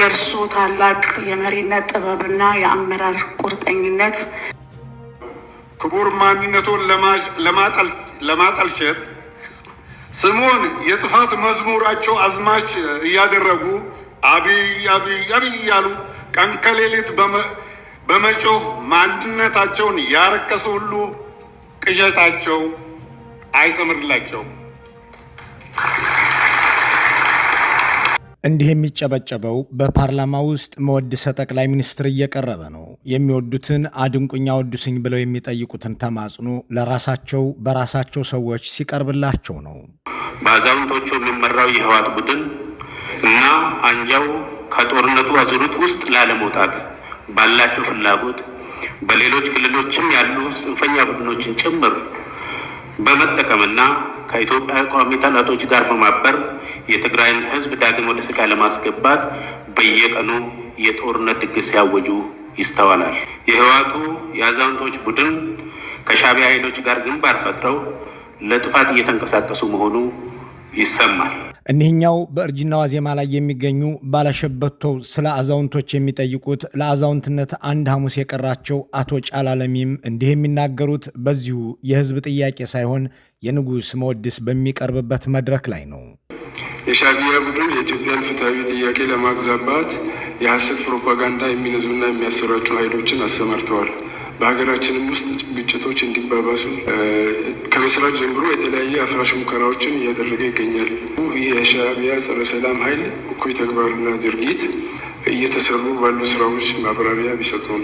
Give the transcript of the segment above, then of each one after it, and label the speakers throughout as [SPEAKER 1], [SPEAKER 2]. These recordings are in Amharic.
[SPEAKER 1] የእርሱ ታላቅ የመሪነት ጥበብና የአመራር ቁርጠኝነት
[SPEAKER 2] ክቡር ማንነቱን ለማጠልሸት ስሙን የጥፋት መዝሙራቸው አዝማች እያደረጉ አብይ አብይ አብይ እያሉ ቀን ከሌሊት በመጮህ ማንነታቸውን ያረከሱ ሁሉ ቅዠታቸው አይሰምርላቸውም።
[SPEAKER 3] እንዲህ የሚጨበጨበው በፓርላማ ውስጥ መወድሰ ጠቅላይ ሚኒስትር እየቀረበ ነው። የሚወዱትን አድንቁኝ ወዱስኝ ብለው የሚጠይቁትን ተማጽኖ ለራሳቸው በራሳቸው ሰዎች ሲቀርብላቸው ነው።
[SPEAKER 4] በአዛውንቶቹ የሚመራው የህወሓት ቡድን እና አንጃው ከጦርነቱ አዙሪት ውስጥ ላለመውጣት ባላቸው ፍላጎት በሌሎች ክልሎችም ያሉ ጽንፈኛ ቡድኖችን ጭምር በመጠቀምና ከኢትዮጵያ ቋሚ ጠላቶች ጋር በማበር የትግራይን ህዝብ ዳግም ወደ ስቃይ ለማስገባት በየቀኑ የጦርነት ድግስ ሲያወጁ ይስተዋላል። የህወሓቱ የአዛውንቶች ቡድን ከሻቢያ ኃይሎች ጋር ግንባር ፈጥረው ለጥፋት እየተንቀሳቀሱ መሆኑ ይሰማል።
[SPEAKER 3] እኒህኛው በእርጅና ዋዜማ ላይ የሚገኙ ባለሸበቶው ስለ አዛውንቶች የሚጠይቁት ለአዛውንትነት አንድ ሐሙስ የቀራቸው አቶ ጫላለሚም እንዲህ የሚናገሩት በዚሁ የህዝብ ጥያቄ ሳይሆን የንጉሥ መወድስ በሚቀርብበት መድረክ ላይ ነው።
[SPEAKER 5] የሻቢያ ቡድን የኢትዮጵያን ፍትሐዊ ጥያቄ ለማዛባት የሐሰት ፕሮፓጋንዳ የሚነዙና የሚያሰራጩ ኃይሎችን አሰማርተዋል። በሀገራችንም ውስጥ ግጭቶች እንዲባባሱ ከመስራት ጀምሮ የተለያየ አፍራሽ ሙከራዎችን እያደረገ ይገኛል። ይህ የሻቢያ ጸረ ሰላም ኃይል እኩይ ተግባርና ድርጊት እየተሰሩ ባሉ ስራዎች ማብራሪያ ቢሰጡን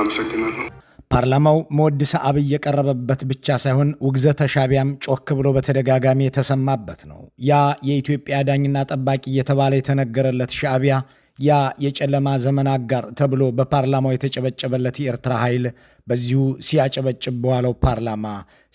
[SPEAKER 5] አመሰግናለሁ።
[SPEAKER 3] ፓርላማው መወድሰ አብይ የቀረበበት ብቻ ሳይሆን ውግዘተ ሻቢያም ጮክ ብሎ በተደጋጋሚ የተሰማበት ነው። ያ የኢትዮጵያ ዳኝና ጠባቂ እየተባለ የተነገረለት ሻቢያ ያ የጨለማ ዘመን አጋር ተብሎ በፓርላማው የተጨበጨበለት የኤርትራ ኃይል በዚሁ ሲያጨበጭብ በዋለው ፓርላማ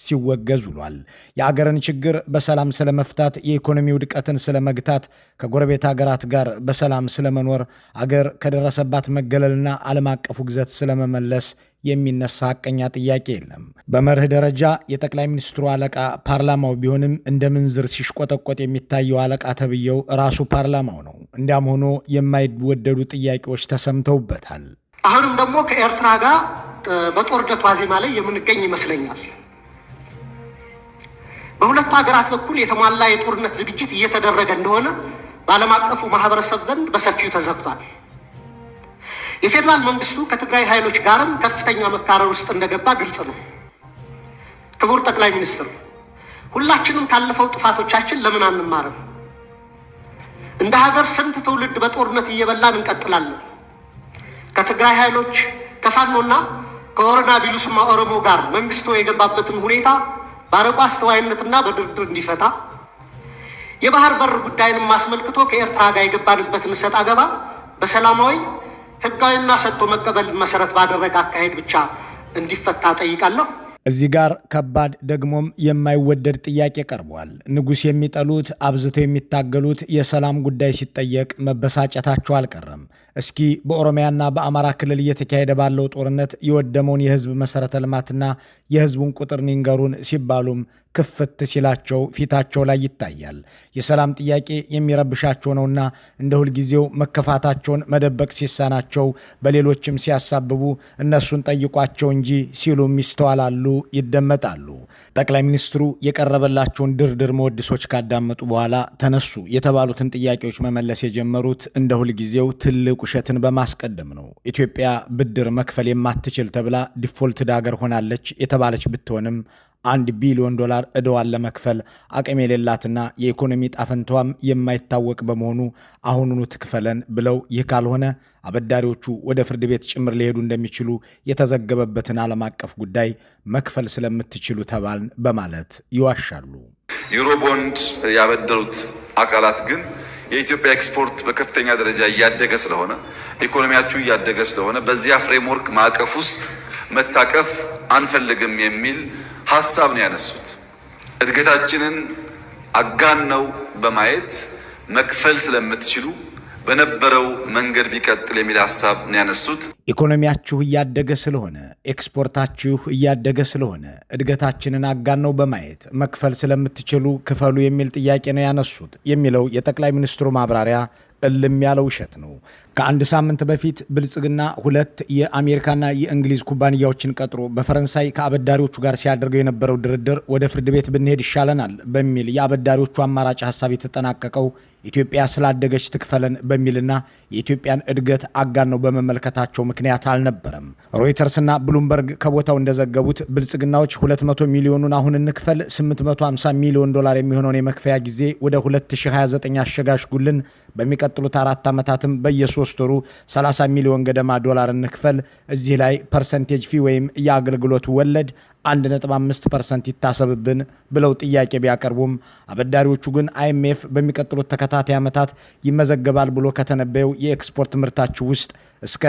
[SPEAKER 3] ሲወገዝ ውሏል። የአገርን ችግር በሰላም ስለመፍታት፣ የኢኮኖሚ ውድቀትን ስለመግታት፣ ከጎረቤት አገራት ጋር በሰላም ስለመኖር፣ አገር ከደረሰባት መገለልና ዓለም አቀፉ ግዘት ስለመመለስ የሚነሳ ሐቀኛ ጥያቄ የለም። በመርህ ደረጃ የጠቅላይ ሚኒስትሩ አለቃ ፓርላማው ቢሆንም እንደ ምንዝር ሲሽቆጠቆጥ የሚታየው አለቃ ተብየው ራሱ ፓርላማው ነው። እንዲያም ሆኖ የማይወደዱ ጥያቄዎች ተሰምተውበታል።
[SPEAKER 6] አሁንም ደግሞ ከኤርትራ ጋር በጦርነቱ ዋዜማ ላይ የምንገኝ ይመስለኛል። በሁለቱ ሀገራት በኩል የተሟላ የጦርነት ዝግጅት እየተደረገ እንደሆነ በዓለም አቀፉ ማህበረሰብ ዘንድ በሰፊው ተዘግቷል። የፌዴራል መንግስቱ ከትግራይ ኃይሎች ጋርም ከፍተኛ መካረር ውስጥ እንደገባ ግልጽ ነው። ክቡር ጠቅላይ ሚኒስትር፣ ሁላችንም ካለፈው ጥፋቶቻችን ለምን አንማርም? እንደ ሀገር ስንት ትውልድ በጦርነት እየበላን እንቀጥላለን? ከትግራይ ኃይሎች ከፋኖና ከኦሮና ቢሉስማ ኦሮሞ ጋር መንግስቶ የገባበትን ሁኔታ በአርቆ አስተዋይነትና በድርድር እንዲፈታ የባህር በር ጉዳይንም አስመልክቶ ከኤርትራ ጋር የገባንበትን እሰጥ አገባ በሰላማዊ ህጋዊና ሰጥቶ መቀበል መሰረት ባደረገ አካሄድ ብቻ እንዲፈታ ጠይቃለሁ።
[SPEAKER 3] እዚህ ጋር ከባድ ደግሞም የማይወደድ ጥያቄ ቀርቧል። ንጉሥ የሚጠሉት አብዝተው የሚታገሉት የሰላም ጉዳይ ሲጠየቅ መበሳጨታቸው አልቀረም። እስኪ በኦሮሚያና በአማራ ክልል እየተካሄደ ባለው ጦርነት የወደመውን የህዝብ መሠረተ ልማትና የህዝቡን ቁጥር ንገሩን ሲባሉም ክፍት ሲላቸው ፊታቸው ላይ ይታያል። የሰላም ጥያቄ የሚረብሻቸው ነውና እንደ ሁልጊዜው መከፋታቸውን መደበቅ ሲሳናቸው በሌሎችም ሲያሳብቡ እነሱን ጠይቋቸው እንጂ ሲሉም ይስተዋላሉ፣ ይደመጣሉ። ጠቅላይ ሚኒስትሩ የቀረበላቸውን ድርድር መወድሶች ካዳመጡ በኋላ ተነሱ የተባሉትን ጥያቄዎች መመለስ የጀመሩት እንደ ሁልጊዜው ትልቅ ውሸትን በማስቀደም ነው። ኢትዮጵያ ብድር መክፈል የማትችል ተብላ ዲፎልትድ አገር ሆናለች የተባለች ብትሆንም አንድ ቢሊዮን ዶላር እደዋን ለመክፈል አቅም የሌላትና የኢኮኖሚ ጣፈንታዋም የማይታወቅ በመሆኑ አሁኑኑ ትክፈለን ብለው ይህ ካልሆነ አበዳሪዎቹ ወደ ፍርድ ቤት ጭምር ሊሄዱ እንደሚችሉ የተዘገበበትን ዓለም አቀፍ ጉዳይ መክፈል ስለምትችሉ ተባልን በማለት ይዋሻሉ።
[SPEAKER 7] ዩሮቦንድ ያበደሩት አካላት ግን የኢትዮጵያ ኤክስፖርት በከፍተኛ ደረጃ እያደገ ስለሆነ ኢኮኖሚያችሁ እያደገ ስለሆነ በዚያ ፍሬምወርክ ማዕቀፍ ውስጥ መታቀፍ አንፈልግም የሚል ሀሳብ ነው ያነሱት። እድገታችንን አጋነው በማየት መክፈል ስለምትችሉ በነበረው መንገድ ቢቀጥል የሚል ሀሳብ ነው ያነሱት።
[SPEAKER 3] ኢኮኖሚያችሁ እያደገ ስለሆነ ኤክስፖርታችሁ እያደገ ስለሆነ እድገታችንን አጋነው በማየት መክፈል ስለምትችሉ ክፈሉ የሚል ጥያቄ ነው ያነሱት የሚለው የጠቅላይ ሚኒስትሩ ማብራሪያ እልም ያለ ውሸት ነው። ከአንድ ሳምንት በፊት ብልጽግና ሁለት የአሜሪካና የእንግሊዝ ኩባንያዎችን ቀጥሮ በፈረንሳይ ከአበዳሪዎቹ ጋር ሲያደርገው የነበረው ድርድር ወደ ፍርድ ቤት ብንሄድ ይሻለናል በሚል የአበዳሪዎቹ አማራጭ ሀሳብ የተጠናቀቀው ኢትዮጵያ ስላደገች ትክፈለን በሚልና የኢትዮጵያን እድገት አጋነው በመመልከታቸው ምክንያት አልነበረም። ሮይተርስና ብሉምበርግ ከቦታው እንደዘገቡት ብልጽግናዎች 200 ሚሊዮኑን አሁን እንክፈል፣ 850 ሚሊዮን ዶላር የሚሆነውን የመክፈያ ጊዜ ወደ 2029 አሸጋሽጉልን፣ በሚቀጥሉት አራት ዓመታትም በየሶስት ወሩ 30 ሚሊዮን ገደማ ዶላር እንክፈል፣ እዚህ ላይ ፐርሰንቴጅ ፊ ወይም የአገልግሎት ወለድ 1.5 ፐርሰንት ይታሰብብን ብለው ጥያቄ ቢያቀርቡም አበዳሪዎቹ ግን አይኤምኤፍ በሚቀጥሉት ተከታታይ ዓመታት ይመዘገባል ብሎ ከተነበየው የኤክስፖርት ምርታችሁ ውስጥ እስከ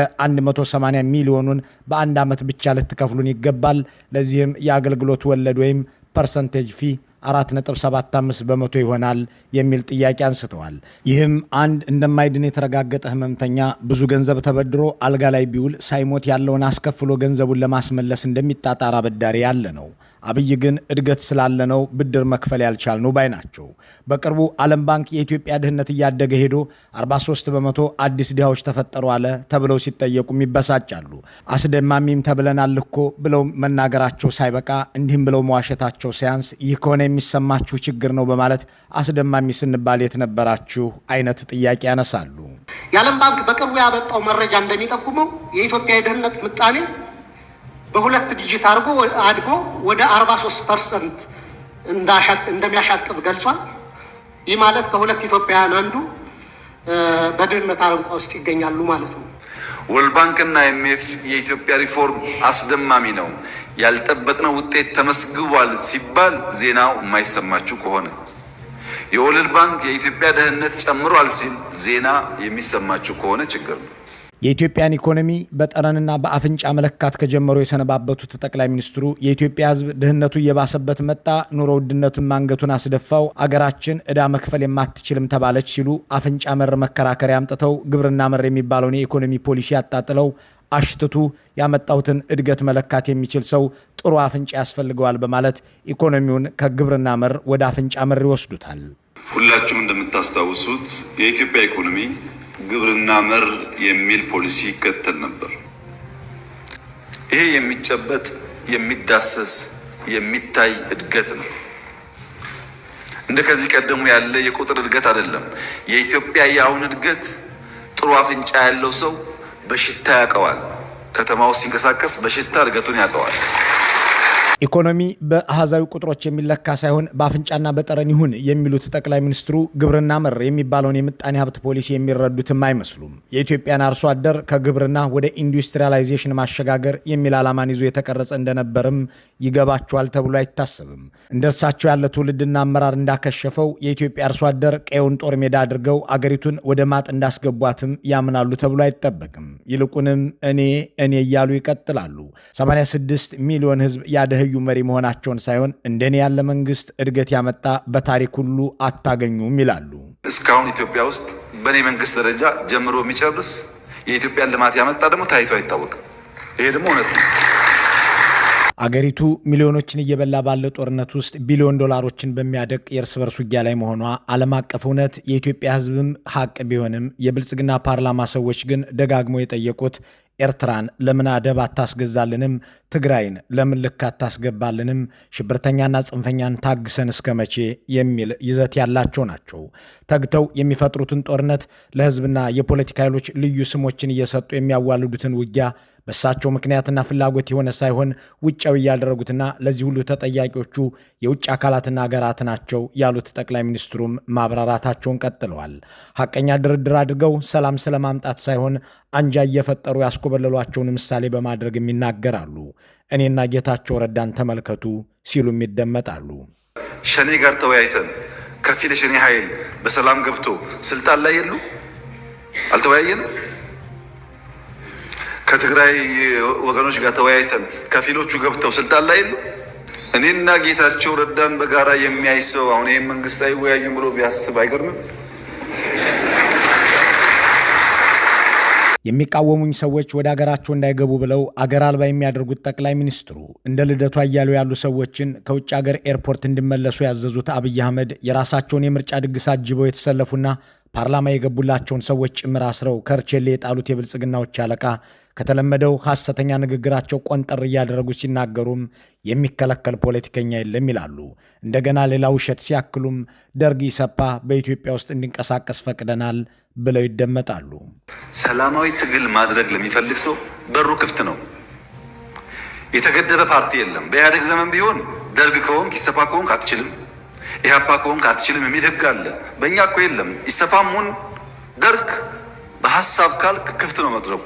[SPEAKER 3] 180 ሚሊዮኑን በአንድ ዓመት ብቻ ልትከፍሉን ይገባል፣ ለዚህም የአገልግሎት ወለድ ወይም ፐርሰንቴጅ ፊ 4.75 በመቶ ይሆናል የሚል ጥያቄ አንስተዋል። ይህም አንድ እንደማይድን የተረጋገጠ ህመምተኛ ብዙ ገንዘብ ተበድሮ አልጋ ላይ ቢውል ሳይሞት ያለውን አስከፍሎ ገንዘቡን ለማስመለስ እንደሚጣጣር አበዳሪ ያለ ነው። አብይ ግን እድገት ስላለ ነው ብድር መክፈል ያልቻልነው ባይ ናቸው። በቅርቡ ዓለም ባንክ የኢትዮጵያ ድህነት እያደገ ሄዶ 43 በመቶ አዲስ ድሃዎች ተፈጠሩ አለ ተብለው ሲጠየቁም ይበሳጫሉ። አስደማሚም ተብለናል እኮ ብለው መናገራቸው ሳይበቃ እንዲህም ብለው መዋሸታቸው ሳያንስ ይህ ከሆነ የሚሰማችሁ ችግር ነው በማለት አስደማሚ ስንባል የት ነበራችሁ አይነት ጥያቄ ያነሳሉ።
[SPEAKER 6] የዓለም ባንክ በቅርቡ ያበጣው መረጃ እንደሚጠቁመው የኢትዮጵያ የድህነት ምጣኔ በሁለት ዲጂት አድርጎ አድጎ ወደ 43 ፐርሰንት እንደሚያሻቅብ ገልጿል። ይህ ማለት ከሁለት ኢትዮጵያውያን አንዱ በድህነት አረንቋ ውስጥ ይገኛሉ ማለት ነው።
[SPEAKER 7] ወልባንክና ኤምኤፍ የኢትዮጵያ ሪፎርም አስደማሚ ነው፣ ያልጠበቅነው ውጤት ተመስግቧል ሲባል ዜናው የማይሰማችሁ ከሆነ የወለድ ባንክ የኢትዮጵያ ደህንነት ጨምሯል ሲል ዜና የሚሰማችሁ ከሆነ ችግር ነው።
[SPEAKER 3] የኢትዮጵያን ኢኮኖሚ በጠረንና በአፍንጫ መለካት ከጀመሩ የሰነባበቱት ጠቅላይ ሚኒስትሩ የኢትዮጵያ ሕዝብ ድህነቱ እየባሰበት መጣ፣ ኑሮ ውድነቱን አንገቱን አስደፋው፣ አገራችን ዕዳ መክፈል የማትችልም ተባለች ሲሉ አፍንጫ መር መከራከሪያ አምጥተው ግብርና መር የሚባለውን የኢኮኖሚ ፖሊሲ አጣጥለው አሽትቱ ያመጣሁትን እድገት መለካት የሚችል ሰው ጥሩ አፍንጫ ያስፈልገዋል በማለት ኢኮኖሚውን ከግብርና መር ወደ አፍንጫ መር ይወስዱታል።
[SPEAKER 7] ሁላችሁም እንደምታስታውሱት የኢትዮጵያ ኢኮኖሚ ግብርና መር የሚል ፖሊሲ ይከተል ነበር። ይሄ የሚጨበጥ የሚዳሰስ የሚታይ እድገት ነው። እንደ ከዚህ ቀደሙ ያለ የቁጥር እድገት አይደለም። የኢትዮጵያ የአሁን እድገት ጥሩ አፍንጫ ያለው ሰው በሽታ ያውቀዋል። ከተማ ውስጥ ሲንቀሳቀስ በሽታ እድገቱን ያውቀዋል።
[SPEAKER 3] ኢኮኖሚ በአሃዛዊ ቁጥሮች የሚለካ ሳይሆን በአፍንጫና በጠረን ይሁን የሚሉት ጠቅላይ ሚኒስትሩ ግብርና መር የሚባለውን የምጣኔ ሀብት ፖሊሲ የሚረዱትም አይመስሉም። የኢትዮጵያን አርሶ አደር ከግብርና ወደ ኢንዱስትሪያላይዜሽን ማሸጋገር የሚል ዓላማን ይዞ የተቀረጸ እንደነበርም ይገባቸዋል ተብሎ አይታሰብም። እንደ እርሳቸው ያለ ትውልድና አመራር እንዳከሸፈው የኢትዮጵያ አርሶ አደር ቀየውን ጦር ሜዳ አድርገው አገሪቱን ወደ ማጥ እንዳስገቧትም ያምናሉ ተብሎ አይጠበቅም። ይልቁንም እኔ እኔ እያሉ ይቀጥላሉ። 86 ሚሊዮን ህዝብ ያደህ የተለዩ መሪ መሆናቸውን ሳይሆን እንደኔ ያለ መንግስት እድገት ያመጣ በታሪክ ሁሉ አታገኙም ይላሉ።
[SPEAKER 7] እስካሁን ኢትዮጵያ ውስጥ በእኔ መንግስት ደረጃ ጀምሮ የሚጨርስ የኢትዮጵያን ልማት ያመጣ ደግሞ ታይቶ አይታወቅም። ይሄ ደግሞ እውነት ነው።
[SPEAKER 3] አገሪቱ ሚሊዮኖችን እየበላ ባለ ጦርነት ውስጥ ቢሊዮን ዶላሮችን በሚያደቅ የእርስ በርስ ውጊያ ላይ መሆኗ ዓለም አቀፍ እውነት የኢትዮጵያ ሕዝብም ሀቅ ቢሆንም የብልጽግና ፓርላማ ሰዎች ግን ደጋግሞ የጠየቁት ኤርትራን ለምን አደብ አታስገዛልንም? ትግራይን ለምን ልክ አታስገባልንም? ሽብርተኛና ጽንፈኛን ታግሰን እስከ መቼ? የሚል ይዘት ያላቸው ናቸው። ተግተው የሚፈጥሩትን ጦርነት ለሕዝብና የፖለቲካ ኃይሎች ልዩ ስሞችን እየሰጡ የሚያዋልዱትን ውጊያ በእሳቸው ምክንያትና ፍላጎት የሆነ ሳይሆን ውጫዊ እያደረጉትና ለዚህ ሁሉ ተጠያቂዎቹ የውጭ አካላትና ሀገራት ናቸው ያሉት ጠቅላይ ሚኒስትሩም ማብራራታቸውን ቀጥለዋል። ሀቀኛ ድርድር አድርገው ሰላም ስለማምጣት ሳይሆን አንጃ እየፈጠሩ ያስኮበለሏቸውን ምሳሌ በማድረግም ይናገራሉ። እኔና ጌታቸው ረዳን ተመልከቱ ሲሉም ይደመጣሉ።
[SPEAKER 7] ሸኔ ጋር ተወያይተን ከፊል የሸኔ ኃይል በሰላም ገብቶ ስልጣን ላይ የሉ አልተወያየንም። ከትግራይ ወገኖች ጋር ተወያይተን ከፊሎቹ ገብተው ስልጣን ላይ የሉ እኔና ጌታቸው ረዳን በጋራ የሚያይ ሰው አሁን ይህም መንግስት አይወያዩም ብሎ ቢያስብ አይገርምም።
[SPEAKER 3] የሚቃወሙኝ ሰዎች ወደ አገራቸው እንዳይገቡ ብለው አገር አልባ የሚያደርጉት ጠቅላይ ሚኒስትሩ እንደ ልደቱ አያሌው ያሉ ሰዎችን ከውጭ አገር ኤርፖርት እንዲመለሱ ያዘዙት አብይ አህመድ የራሳቸውን የምርጫ ድግስ አጅበው የተሰለፉና ፓርላማ የገቡላቸውን ሰዎች ጭምር አስረው ከርቼሌ የጣሉት የብልጽግናዎች አለቃ ከተለመደው ሐሰተኛ ንግግራቸው ቆንጠር እያደረጉ ሲናገሩም የሚከለከል ፖለቲከኛ የለም ይላሉ። እንደገና ሌላ ውሸት ሲያክሉም ደርግ ኢሰፓ በኢትዮጵያ ውስጥ እንዲንቀሳቀስ ፈቅደናል ብለው ይደመጣሉ።
[SPEAKER 7] ሰላማዊ ትግል ማድረግ ለሚፈልግ ሰው በሩ ክፍት ነው። የተገደበ ፓርቲ የለም። በኢህአዴግ ዘመን ቢሆን ደርግ ከሆንክ ኢሰፓ ከሆንክ አትችልም ኢህአፓ ከሆንክ አትችልም የሚል ህግ አለ። በእኛ እኮ የለም። ሁን ደርግ በሀሳብ ካልክ ክፍት ነው መድረኩ።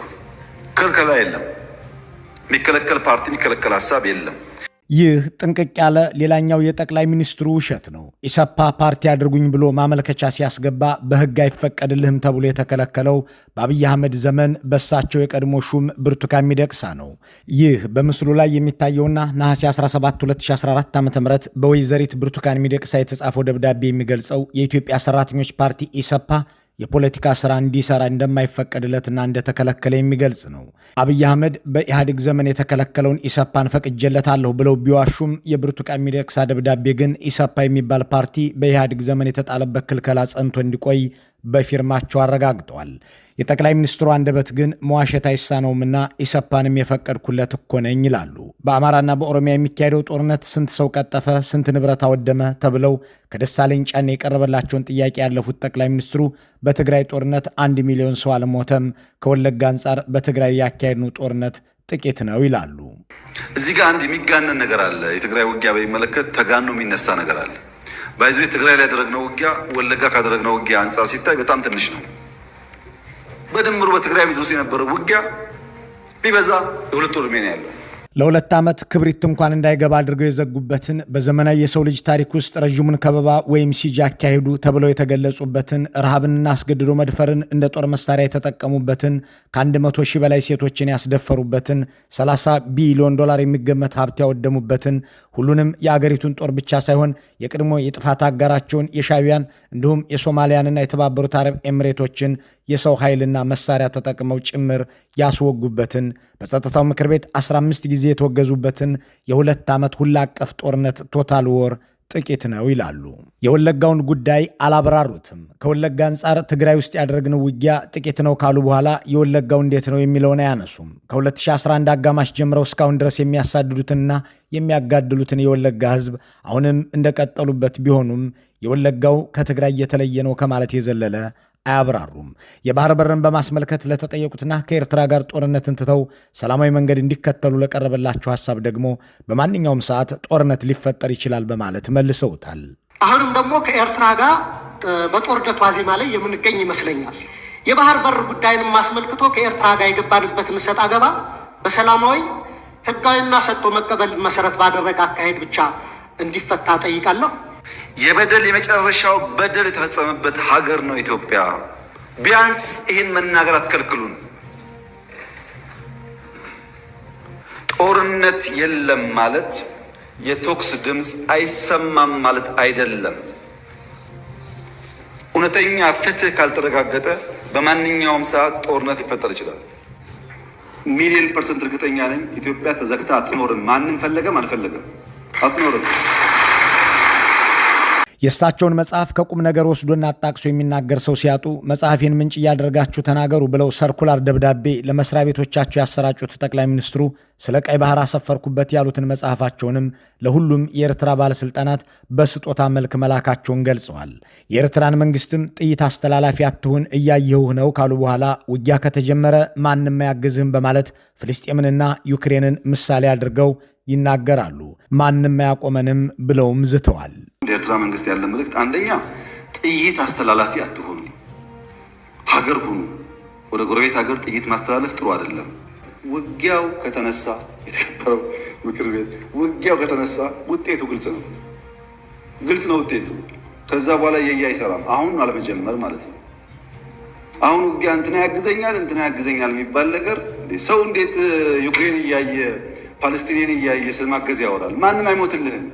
[SPEAKER 7] ክልከላ የለም። የሚከለከል ፓርቲ የሚከለከል ሀሳብ የለም።
[SPEAKER 3] ይህ ጥንቅቅ ያለ ሌላኛው የጠቅላይ ሚኒስትሩ ውሸት ነው። ኢሰፓ ፓርቲ አድርጉኝ ብሎ ማመልከቻ ሲያስገባ በሕግ አይፈቀድልህም ተብሎ የተከለከለው በአብይ አህመድ ዘመን በሳቸው የቀድሞ ሹም ብርቱካን ሚደቅሳ ነው። ይህ በምስሉ ላይ የሚታየውና ነሐሴ 17 2014 ዓ ም በወይዘሪት ብርቱካን ሚደቅሳ የተጻፈው ደብዳቤ የሚገልጸው የኢትዮጵያ ሰራተኞች ፓርቲ ኢሰፓ የፖለቲካ ስራ እንዲሰራ እንደማይፈቀድለትና እንደተከለከለ የሚገልጽ ነው። አብይ አህመድ በኢህአዴግ ዘመን የተከለከለውን ኢሰፓን ፈቅጄለታለሁ ብለው ቢዋሹም የብርቱካን ሚደቅሳ ደብዳቤ ግን ኢሰፓ የሚባል ፓርቲ በኢህአዴግ ዘመን የተጣለበት ክልከላ ጸንቶ እንዲቆይ በፊርማቸው አረጋግጠዋል። የጠቅላይ ሚኒስትሩ አንደበት ግን መዋሸት አይሳነውምና ኢሰፓንም የፈቀድኩለት እኮ ነኝ ይላሉ። በአማራና በኦሮሚያ የሚካሄደው ጦርነት ስንት ሰው ቀጠፈ፣ ስንት ንብረት አወደመ ተብለው ከደሳለኝ ጫኔ የቀረበላቸውን ጥያቄ ያለፉት ጠቅላይ ሚኒስትሩ በትግራይ ጦርነት አንድ ሚሊዮን ሰው አልሞተም፣ ከወለጋ አንጻር በትግራይ ያካሄድኑ ጦርነት ጥቂት ነው ይላሉ።
[SPEAKER 7] እዚህ ጋር አንድ የሚጋነን ነገር አለ። የትግራይ ውጊያ በሚመለከት ተጋኖ የሚነሳ ነገር አለ ባይዘው ትግራይ ላይ ያደረግነው ውጊያ ወለጋ ካደረግነው ውጊያ አንጻር ሲታይ በጣም ትንሽ ነው። በድምሩ በትግራይ ምድር ውስጥ የነበረው ውጊያ ቢበዛ የሁለት ወር ሜን ያለው።
[SPEAKER 3] ለሁለት ዓመት ክብሪት እንኳን እንዳይገባ አድርገው የዘጉበትን በዘመናዊ የሰው ልጅ ታሪክ ውስጥ ረዥሙን ከበባ ወይም ሲጅ አካሄዱ ተብለው የተገለጹበትን ረሃብንና አስገድዶ መድፈርን እንደ ጦር መሳሪያ የተጠቀሙበትን ከ100 ሺህ በላይ ሴቶችን ያስደፈሩበትን 30 ቢሊዮን ዶላር የሚገመት ሀብት ያወደሙበትን ሁሉንም የአገሪቱን ጦር ብቻ ሳይሆን የቅድሞ የጥፋት አጋራቸውን የሻቢያን እንዲሁም የሶማሊያንና የተባበሩት አረብ ኤምሬቶችን የሰው ኃይልና መሳሪያ ተጠቅመው ጭምር ያስወጉበትን በጸጥታው ምክር ቤት 15 ጊዜ ጊዜ የተወገዙበትን የሁለት ዓመት ሁላ አቀፍ ጦርነት ቶታል ዎር ጥቂት ነው ይላሉ። የወለጋውን ጉዳይ አላብራሩትም። ከወለጋ አንጻር ትግራይ ውስጥ ያደረግነው ውጊያ ጥቂት ነው ካሉ በኋላ የወለጋው እንዴት ነው የሚለውን አያነሱም። ከ2011 አጋማሽ ጀምረው እስካሁን ድረስ የሚያሳድዱትንና የሚያጋድሉትን የወለጋ ሕዝብ አሁንም እንደቀጠሉበት ቢሆኑም የወለጋው ከትግራይ የተለየ ነው ከማለት የዘለለ አያብራሩም። የባህር በርን በማስመልከት ለተጠየቁትና ከኤርትራ ጋር ጦርነትን ትተው ሰላማዊ መንገድ እንዲከተሉ ለቀረበላቸው ሀሳብ ደግሞ በማንኛውም ሰዓት ጦርነት ሊፈጠር ይችላል በማለት መልሰውታል።
[SPEAKER 6] አሁንም ደግሞ ከኤርትራ ጋር በጦርነት ዋዜማ ላይ የምንገኝ ይመስለኛል። የባህር በር ጉዳይንም አስመልክቶ ከኤርትራ ጋር የገባንበት ምሰጥ አገባ በሰላማዊ ህጋዊና ሰጥቶ መቀበል መሰረት ባደረገ አካሄድ ብቻ እንዲፈታ ጠይቃለሁ።
[SPEAKER 7] የበደል የመጨረሻው በደል የተፈጸመበት ሀገር ነው ኢትዮጵያ። ቢያንስ ይህን መናገር አትከልክሉን። ጦርነት የለም ማለት የቶክስ ድምፅ አይሰማም ማለት አይደለም። እውነተኛ ፍትህ ካልተረጋገጠ በማንኛውም ሰዓት ጦርነት ሊፈጠር ይችላል። ሚሊዮን ፐርሰንት እርግጠኛ ነኝ ኢትዮጵያ ተዘግታ አትኖርም። ማንም ፈለገም አልፈለገም አትኖርም።
[SPEAKER 3] የእሳቸውን መጽሐፍ ከቁም ነገር ወስዶና አጣቅሶ የሚናገር ሰው ሲያጡ መጽሐፌን ምንጭ እያደረጋችሁ ተናገሩ ብለው ሰርኩላር ደብዳቤ ለመስሪያ ቤቶቻቸው ያሰራጩት ጠቅላይ ሚኒስትሩ ስለ ቀይ ባህር አሰፈርኩበት ያሉትን መጽሐፋቸውንም ለሁሉም የኤርትራ ባለሥልጣናት በስጦታ መልክ መላካቸውን ገልጸዋል። የኤርትራን መንግስትም ጥይት አስተላላፊ አትሁን እያየሁህ ነው ካሉ በኋላ ውጊያ ከተጀመረ ማንም አያግዝህም በማለት ፍልስጤምንና ዩክሬንን ምሳሌ አድርገው ይናገራሉ። ማንም አያቆመንም ብለውም ዝተዋል።
[SPEAKER 7] ለኤርትራ መንግስት ያለ መልእክት አንደኛ ጥይት አስተላላፊ አትሆኑ፣ ሀገር ሁኑ። ወደ ጎረቤት ሀገር ጥይት ማስተላለፍ ጥሩ አይደለም። ውጊያው ከተነሳ የተከበረው ምክር ቤት ውጊያው ከተነሳ ውጤቱ ግልጽ ነው፣ ግልጽ ነው ውጤቱ። ከዛ በኋላ የየ አይሰራም። አሁን አለመጀመር ማለት ነው። አሁን ውጊያ እንትና ያግዘኛል፣ እንትና ያግዘኛል የሚባል ነገር ሰው እንዴት ዩክሬን እያየ ፓለስቲኔን እያየ ስለማገዝ ያወራል? ማንም አይሞትልህም።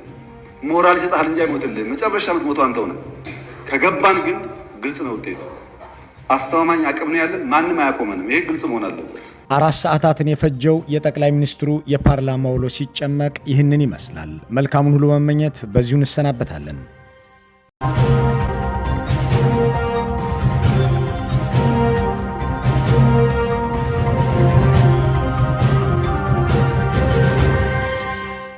[SPEAKER 7] ሞራል ይሰጣል እንጂ አይሞትልህ። መጨረሻ የምትሞተው አንተው ነህ። ከገባን ግን ግልጽ ነው ውጤቱ። አስተማማኝ አቅም ነው ያለን፣ ማንም አያቆመንም። ይሄ ግልጽ መሆን አለበት።
[SPEAKER 3] አራት ሰዓታትን የፈጀው የጠቅላይ ሚኒስትሩ የፓርላማ ውሎ ሲጨመቅ ይህንን ይመስላል። መልካሙን ሁሉ መመኘት በዚሁ እንሰናበታለን።